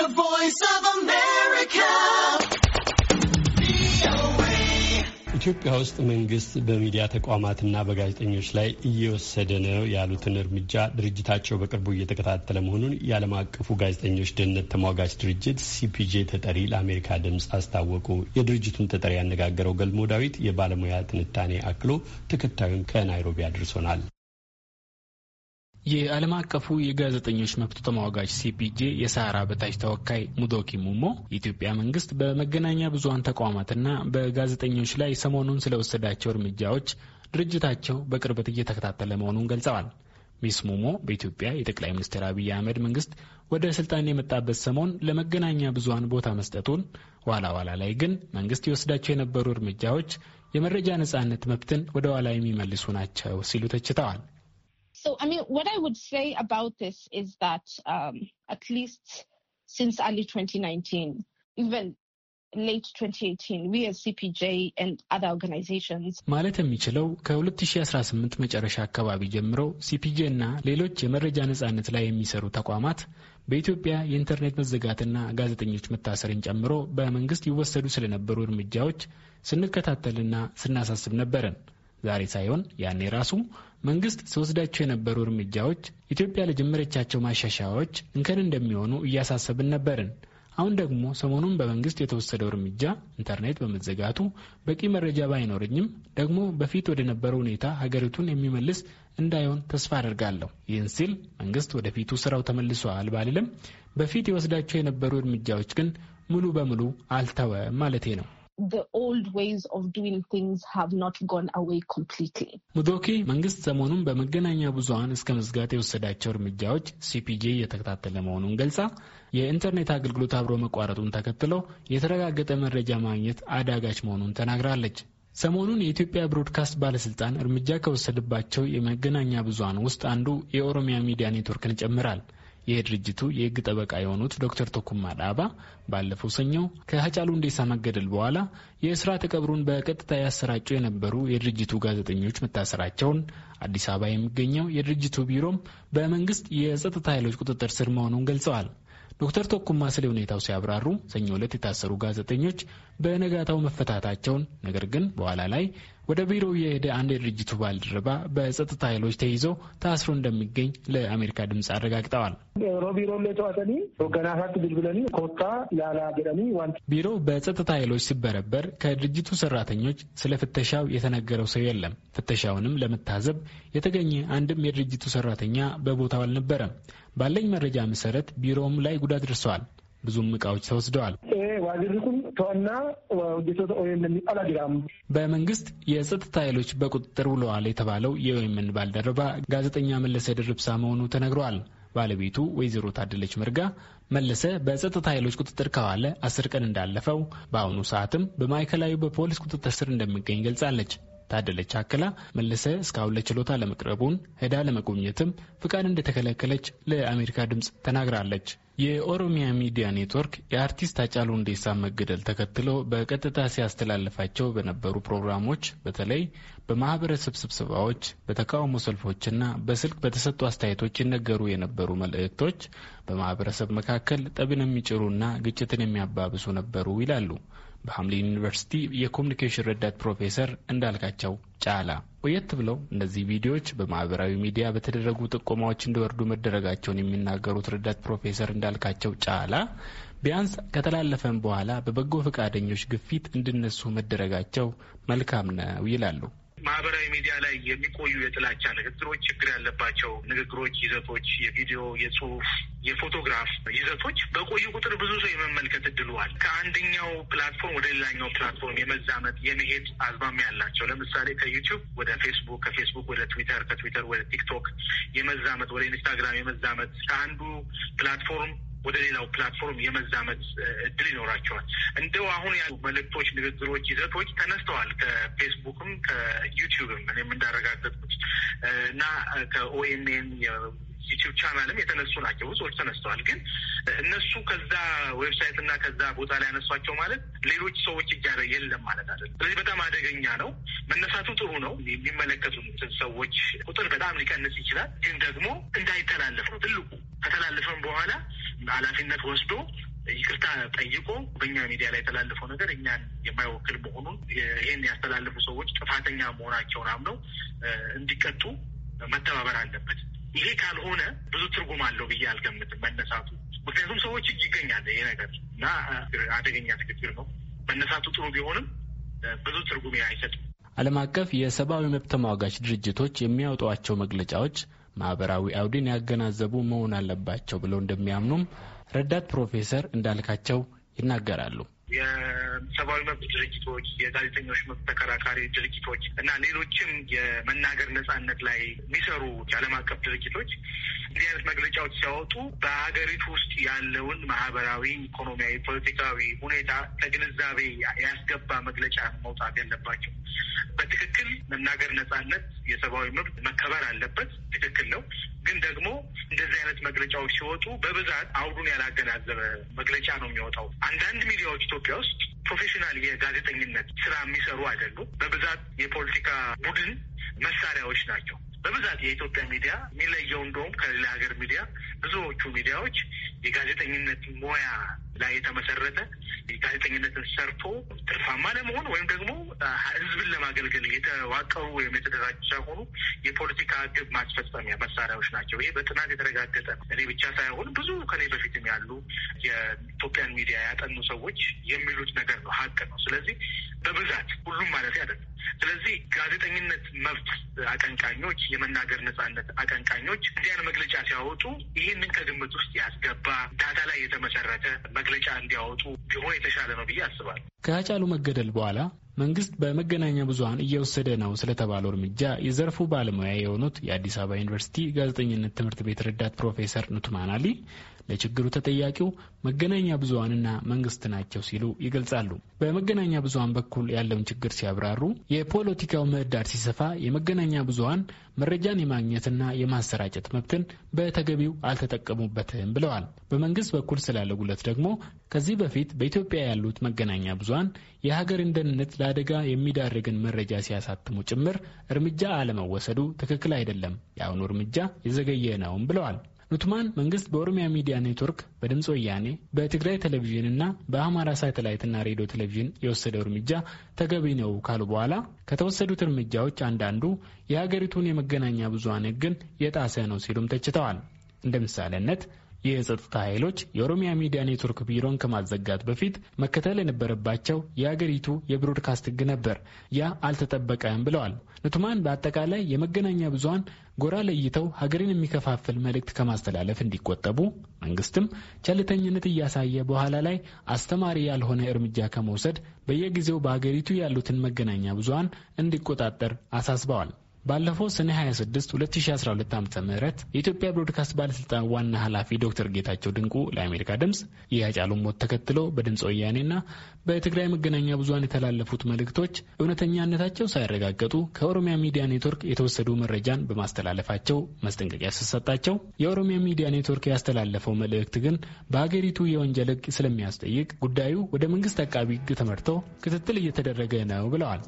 The Voice of America. ኢትዮጵያ ውስጥ መንግስት በሚዲያ ተቋማትና በጋዜጠኞች ላይ እየወሰደ ነው ያሉትን እርምጃ ድርጅታቸው በቅርቡ እየተከታተለ መሆኑን የዓለም አቀፉ ጋዜጠኞች ደህንነት ተሟጋች ድርጅት ሲፒጄ ተጠሪ ለአሜሪካ ድምፅ አስታወቁ። የድርጅቱን ተጠሪ ያነጋገረው ገልሞ ዳዊት የባለሙያ ትንታኔ አክሎ ተከታዩን ከናይሮቢ አድርሶናል። የዓለም አቀፉ የጋዜጠኞች መብት ተሟጋች ሲፒጄ የሰሃራ በታች ተወካይ ሙዶኪ ሙሞ የኢትዮጵያ መንግስት በመገናኛ ብዙሀን ተቋማትና በጋዜጠኞች ላይ ሰሞኑን ስለወሰዳቸው እርምጃዎች ድርጅታቸው በቅርበት እየተከታተለ መሆኑን ገልጸዋል። ሚስ ሙሞ በኢትዮጵያ የጠቅላይ ሚኒስትር አብይ አህመድ መንግስት ወደ ስልጣን የመጣበት ሰሞን ለመገናኛ ብዙሀን ቦታ መስጠቱን፣ ኋላ ኋላ ላይ ግን መንግስት የወስዳቸው የነበሩ እርምጃዎች የመረጃ ነጻነት መብትን ወደ ኋላ የሚመልሱ ናቸው ሲሉ ተችተዋል። So, I mean, what I would say about this is that um, at least since early 2019, even late 2018 we as CPJ and other organizations ማለት የሚችለው ከ2018 መጨረሻ አካባቢ ጀምሮ ሲፒጂ እና ሌሎች የመረጃ ነጻነት ላይ የሚሰሩ ተቋማት በኢትዮጵያ የኢንተርኔት መዘጋትና ጋዜጠኞች መታሰርን ጨምሮ በመንግስት ይወሰዱ ስለነበሩ እርምጃዎች ስንከታተልና ስናሳስብ ነበረን። ዛሬ ሳይሆን ያኔ ራሱ መንግስት ሲወስዳቸው የነበሩ እርምጃዎች ኢትዮጵያ ለጀመረቻቸው ማሻሻያዎች እንከን እንደሚሆኑ እያሳሰብን ነበርን። አሁን ደግሞ ሰሞኑን በመንግስት የተወሰደው እርምጃ ኢንተርኔት በመዘጋቱ በቂ መረጃ ባይኖረኝም ደግሞ በፊት ወደ ነበረው ሁኔታ ሀገሪቱን የሚመልስ እንዳይሆን ተስፋ አደርጋለሁ። ይህን ሲል መንግስት ወደፊቱ ስራው ተመልሷል ባልልም በፊት የወስዳቸው የነበሩ እርምጃዎች ግን ሙሉ በሙሉ አልተወ ማለቴ ነው። ሙዶኪ መንግስት ሰሞኑን በመገናኛ ብዙኃን እስከ መዝጋት የወሰዳቸው እርምጃዎች ሲፒጄ እየተከታተለ መሆኑን ገልጻ የኢንተርኔት አገልግሎት አብሮ መቋረጡን ተከትሎ የተረጋገጠ መረጃ ማግኘት አዳጋች መሆኑን ተናግራለች። ሰሞኑን የኢትዮጵያ ብሮድካስት ባለስልጣን እርምጃ ከወሰደባቸው የመገናኛ ብዙኃን ውስጥ አንዱ የኦሮሚያ ሚዲያ ኔትወርክን ይጨምራል። የድርጅቱ የህግ ጠበቃ የሆኑት ዶክተር ቶኩማ ዳባ ባለፈው ሰኞ ከሀጫሉ ሁንዴሳ መገደል በኋላ የስርዓተ ቀብሩን በቀጥታ ያሰራጩ የነበሩ የድርጅቱ ጋዜጠኞች መታሰራቸውን አዲስ አበባ የሚገኘው የድርጅቱ ቢሮም በመንግስት የጸጥታ ኃይሎች ቁጥጥር ስር መሆኑን ገልጸዋል። ዶክተር ቶኩማ ስለ ሁኔታው ሲያብራሩ ሰኞ ዕለት የታሰሩ ጋዜጠኞች በነጋታው መፈታታቸውን ነገር ግን በኋላ ላይ ወደ ቢሮው የሄደ አንድ የድርጅቱ ባልደረባ በጸጥታ ኃይሎች ተይዞ ታስሮ እንደሚገኝ ለአሜሪካ ድምፅ አረጋግጠዋል። ቢሮው በጸጥታ ኃይሎች ሲበረበር ከድርጅቱ ሰራተኞች ስለ ፍተሻው የተነገረው ሰው የለም። ፍተሻውንም ለመታዘብ የተገኘ አንድም የድርጅቱ ሰራተኛ በቦታው አልነበረም። ባለኝ መረጃ መሰረት ቢሮውም ላይ ጉዳት ደርሰዋል። ብዙም እቃዎች ተወስደዋል። ዋዝርኩን በመንግስት የጸጥታ ኃይሎች በቁጥጥር ውለዋል የተባለው የወይምን ባልደረባ ጋዜጠኛ መለሰ ድርብሳ መሆኑ ተነግሯል። ባለቤቱ ወይዘሮ ታደለች መርጋ መለሰ በጸጥታ ኃይሎች ቁጥጥር ከዋለ አስር ቀን እንዳለፈው በአሁኑ ሰዓትም በማዕከላዊ በፖሊስ ቁጥጥር ስር እንደሚገኝ ገልጻለች። ታደለች አክላ መለሰ እስካሁን ለችሎታ ለመቅረቡን ሄዳ ለመጎብኘትም ፍቃድ እንደተከለከለች ለአሜሪካ ድምፅ ተናግራለች። የኦሮሚያ ሚዲያ ኔትወርክ የአርቲስት አጫሉ ሁንዴሳ መገደል ተከትሎ በቀጥታ ሲያስተላልፋቸው በነበሩ ፕሮግራሞች በተለይ በማህበረሰብ ስብሰባዎች፣ በተቃውሞ ሰልፎችና በስልክ በተሰጡ አስተያየቶች ይነገሩ የነበሩ መልእክቶች በማህበረሰብ መካከል ጠብን የሚጭሩና ግጭትን የሚያባብሱ ነበሩ ይላሉ። በሐምሌ ዩኒቨርሲቲ የኮሚኒኬሽን ረዳት ፕሮፌሰር እንዳልካቸው ጫላ ቆየት ብለው እነዚህ ቪዲዮዎች በማህበራዊ ሚዲያ በተደረጉ ጥቆማዎች እንዲወርዱ መደረጋቸውን የሚናገሩት ረዳት ፕሮፌሰር እንዳልካቸው ጫላ ቢያንስ ከተላለፈም በኋላ በበጎ ፈቃደኞች ግፊት እንዲነሱ መደረጋቸው መልካም ነው ይላሉ። ማህበራዊ ሚዲያ ላይ የሚቆዩ የጥላቻ ንግግሮች፣ ችግር ያለባቸው ንግግሮች፣ ይዘቶች፣ የቪዲዮ፣ የጽሁፍ፣ የፎቶግራፍ ይዘቶች በቆዩ ቁጥር ብዙ ሰው የመመልከት እድሉዋል ከአንደኛው ፕላትፎርም ወደ ሌላኛው ፕላትፎርም የመዛመት የመሄድ አዝማሚያ ያላቸው ለምሳሌ ከዩቲዩብ ወደ ፌስቡክ፣ ከፌስቡክ ወደ ትዊተር፣ ከትዊተር ወደ ቲክቶክ የመዛመት ወደ ኢንስታግራም የመዛመት ከአንዱ ፕላትፎርም ወደ ሌላው ፕላትፎርም የመዛመት እድል ይኖራቸዋል። እንደው አሁን ያሉ መልእክቶች፣ ንግግሮች፣ ይዘቶች ተነስተዋል ከፌስቡክም ከዩቲዩብም እኔም እንዳረጋገጥኩት እና ከኦኤንኤን ዩቲዩብ ቻናልም የተነሱ ናቸው። ብዙዎች ተነስተዋል። ግን እነሱ ከዛ ዌብሳይት እና ከዛ ቦታ ላይ ያነሷቸው ማለት ሌሎች ሰዎች እጃ የለም ማለት አለ። ስለዚህ በጣም አደገኛ ነው። መነሳቱ ጥሩ ነው። የሚመለከቱትን ሰዎች ቁጥር በጣም ሊቀንስ ይችላል። ግን ደግሞ እንዳይተላለፍ ነው ትልቁ ከተላለፈም በኋላ ኃላፊነት ወስዶ ይቅርታ ጠይቆ በእኛ ሚዲያ ላይ የተላለፈው ነገር እኛን የማይወክል መሆኑን ይህን ያስተላለፉ ሰዎች ጥፋተኛ መሆናቸውን አምነው እንዲቀጡ መተባበር አለበት። ይሄ ካልሆነ ብዙ ትርጉም አለው ብዬ አልገምትም መነሳቱ። ምክንያቱም ሰዎች እጅ ይገኛል ይሄ ነገር እና አደገኛ ንግግር ነው። መነሳቱ ጥሩ ቢሆንም ብዙ ትርጉም አይሰጥም። ዓለም አቀፍ የሰብአዊ መብት ተሟጋች ድርጅቶች የሚያወጧቸው መግለጫዎች ማህበራዊ አውድን ያገናዘቡ መሆን አለባቸው ብለው እንደሚያምኑም ረዳት ፕሮፌሰር እንዳልካቸው ይናገራሉ። የሰብአዊ መብት ድርጅቶች፣ የጋዜጠኞች መብት ተከራካሪ ድርጅቶች እና ሌሎችም የመናገር ነጻነት ላይ የሚሰሩ የዓለም አቀፍ ድርጅቶች እንዲህ አይነት መግለጫዎች ሲያወጡ በሀገሪቱ ውስጥ ያለውን ማህበራዊ፣ ኢኮኖሚያዊ፣ ፖለቲካዊ ሁኔታ ከግንዛቤ ያስገባ መግለጫ መውጣት ያለባቸው። በትክክል መናገር ነጻነት፣ የሰብአዊ መብት መከበር አለበት። መግለጫዎች ሲወጡ በብዛት አውዱን ያላገናዘበ መግለጫ ነው የሚወጣው። አንዳንድ ሚዲያዎች ኢትዮጵያ ውስጥ ፕሮፌሽናል የጋዜጠኝነት ስራ የሚሰሩ አይደሉም። በብዛት የፖለቲካ ቡድን መሳሪያዎች ናቸው። በብዛት የኢትዮጵያ ሚዲያ የሚለየው እንደውም ከሌላ ሀገር ሚዲያ ብዙዎቹ ሚዲያዎች የጋዜጠኝነት ሙያ ላይ የተመሰረተ ጋዜጠኝነትን ሰርቶ ትርፋማ ለመሆን ወይም ደግሞ ህዝብን ለማገልገል የተዋቀሩ ወይም የተደራጀ ሆኑ የፖለቲካ ግብ ማስፈጸሚያ መሳሪያዎች ናቸው። ይሄ በጥናት የተረጋገጠ ነው። እኔ ብቻ ሳይሆን ብዙ ከኔ በፊትም ያሉ የኢትዮጵያን ሚዲያ ያጠኑ ሰዎች የሚሉት ነገር ነው፣ ሀቅ ነው። ስለዚህ በብዛት ሁሉም ማለት አይደለም። ስለዚህ ጋዜጠኝነት መብት አቀንቃኞች፣ የመናገር ነጻነት አቀንቃኞች እንዲያን መግለጫ ሲያወጡ ይህንን ከግምት ውስጥ ያስገባ የተመሰረተ መግለጫ እንዲያወጡ ቢሆን የተሻለ ነው ብዬ አስባለሁ። ከሀጫሉ መገደል በኋላ መንግስት በመገናኛ ብዙኃን እየወሰደ ነው ስለተባለው እርምጃ የዘርፉ ባለሙያ የሆኑት የአዲስ አበባ ዩኒቨርሲቲ ጋዜጠኝነት ትምህርት ቤት ረዳት ፕሮፌሰር ኑትማን አሊ ለችግሩ ተጠያቂው መገናኛ ብዙኃንና መንግስት ናቸው ሲሉ ይገልጻሉ። በመገናኛ ብዙኃን በኩል ያለውን ችግር ሲያብራሩ የፖለቲካው ምህዳር ሲሰፋ የመገናኛ ብዙኃን መረጃን የማግኘትና የማሰራጨት መብትን በተገቢው አልተጠቀሙበትም ብለዋል። በመንግስት በኩል ስላለ ጉለት ደግሞ ከዚህ በፊት በኢትዮጵያ ያሉት መገናኛ ብዙሀን የሀገርን ደህንነት ለአደጋ የሚዳርግን መረጃ ሲያሳትሙ ጭምር እርምጃ አለመወሰዱ ትክክል አይደለም፣ የአሁኑ እርምጃ የዘገየ ነውም ብለዋል። ኑትማን መንግስት በኦሮሚያ ሚዲያ ኔትወርክ፣ በድምፅ ወያኔ፣ በትግራይ ቴሌቪዥን እና በአማራ ሳተላይትና ሬዲዮ ቴሌቪዥን የወሰደው እርምጃ ተገቢ ነው ካሉ በኋላ ከተወሰዱት እርምጃዎች አንዳንዱ የሀገሪቱን የመገናኛ ብዙሃን ህግን የጣሰ ነው ሲሉም ተችተዋል። እንደ ምሳሌነት የጸጥታ ኃይሎች የኦሮሚያ ሚዲያ ኔትወርክ ቢሮን ከማዘጋት በፊት መከተል የነበረባቸው የአገሪቱ የብሮድካስት ህግ ነበር። ያ አልተጠበቀም ብለዋል። ንቱማን በአጠቃላይ የመገናኛ ብዙሀን ጎራ ለይተው ሀገርን የሚከፋፍል መልእክት ከማስተላለፍ እንዲቆጠቡ መንግስትም ቸልተኝነት እያሳየ በኋላ ላይ አስተማሪ ያልሆነ እርምጃ ከመውሰድ በየጊዜው በሀገሪቱ ያሉትን መገናኛ ብዙሀን እንዲቆጣጠር አሳስበዋል። ባለፈው ሰኔ 26 2012 ዓ ም የኢትዮጵያ ብሮድካስት ባለሥልጣን ዋና ኃላፊ ዶክተር ጌታቸው ድንቁ ለአሜሪካ ድምፅ የአጫሉን ሞት ተከትሎ በድምፅ ወያኔና በትግራይ መገናኛ ብዙሃን የተላለፉት መልእክቶች እውነተኛነታቸው ሳይረጋገጡ ከኦሮሚያ ሚዲያ ኔትወርክ የተወሰዱ መረጃን በማስተላለፋቸው ማስጠንቀቂያ ሲሰጣቸው፣ የኦሮሚያ ሚዲያ ኔትወርክ ያስተላለፈው መልእክት ግን በሀገሪቱ የወንጀል ሕግ ስለሚያስጠይቅ ጉዳዩ ወደ መንግሥት አቃቢ ሕግ ተመርቶ ክትትል እየተደረገ ነው ብለዋል።